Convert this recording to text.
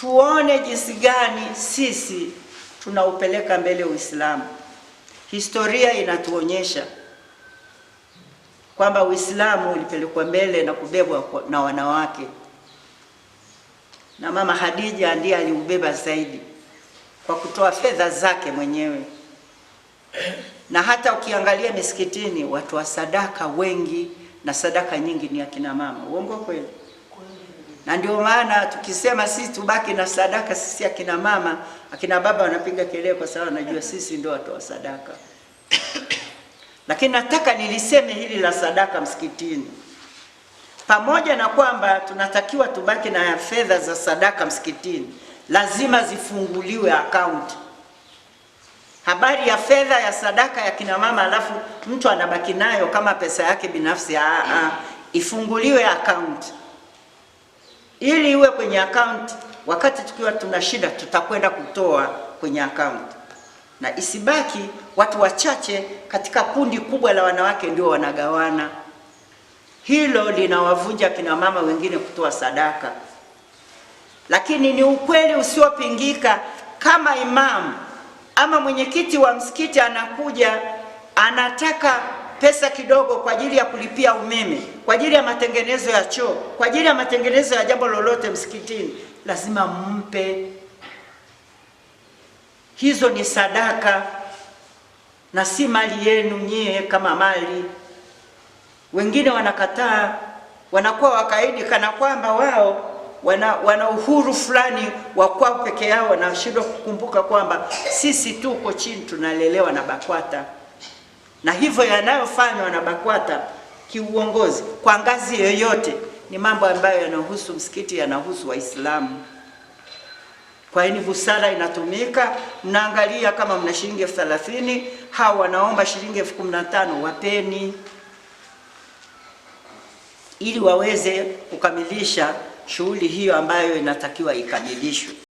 tuone jinsi gani sisi tunaupeleka mbele Uislamu. Historia inatuonyesha kwamba Uislamu ulipelekwa mbele na kubebwa na wanawake, na Mama Khadija ndiye aliubeba zaidi kwa kutoa fedha zake mwenyewe, na hata ukiangalia misikitini watoa sadaka wengi na sadaka nyingi ni akina mama. Uongo kweli? na ndio maana tukisema sisi tubaki na sadaka, sisi akina mama akina baba wanapiga kelele, kwa sababu wanajua sisi ndio watoa sadaka lakini nataka niliseme hili la sadaka msikitini, pamoja na kwamba tunatakiwa tubaki na fedha za sadaka msikitini, lazima zifunguliwe akaunti. Habari ya fedha ya sadaka ya kina mama alafu mtu anabaki nayo kama pesa yake binafsi, a ifunguliwe akaunti ili iwe kwenye akaunti. Wakati tukiwa tuna shida, tutakwenda kutoa kwenye akaunti na isibaki watu wachache katika kundi kubwa la wanawake ndio wanagawana. Hilo linawavunja kina mama wengine kutoa sadaka, lakini ni ukweli usiopingika. Kama imamu ama mwenyekiti wa msikiti anakuja anataka pesa kidogo kwa ajili ya kulipia umeme, kwa ajili ya matengenezo ya choo, kwa ajili ya matengenezo ya jambo lolote msikitini, lazima mumpe. Hizo ni sadaka na si mali yenu nyie kama mali. Wengine wanakataa, wanakuwa wakaidi kana kwamba wao wana, wana uhuru fulani wa kwao peke yao, wanashindwa kukumbuka kwamba sisi tuko chini tunalelewa na BAKWATA na hivyo yanayofanywa na BAKWATA kiuongozi kwa ngazi yoyote ni mambo ambayo yanahusu msikiti, yanahusu Waislamu. Kwa hiyo ni busara inatumika, mnaangalia kama mna shilingi elfu thelathini hao wanaomba shilingi elfu kumi na tano wapeni, ili waweze kukamilisha shughuli hiyo ambayo inatakiwa ikamilishwe.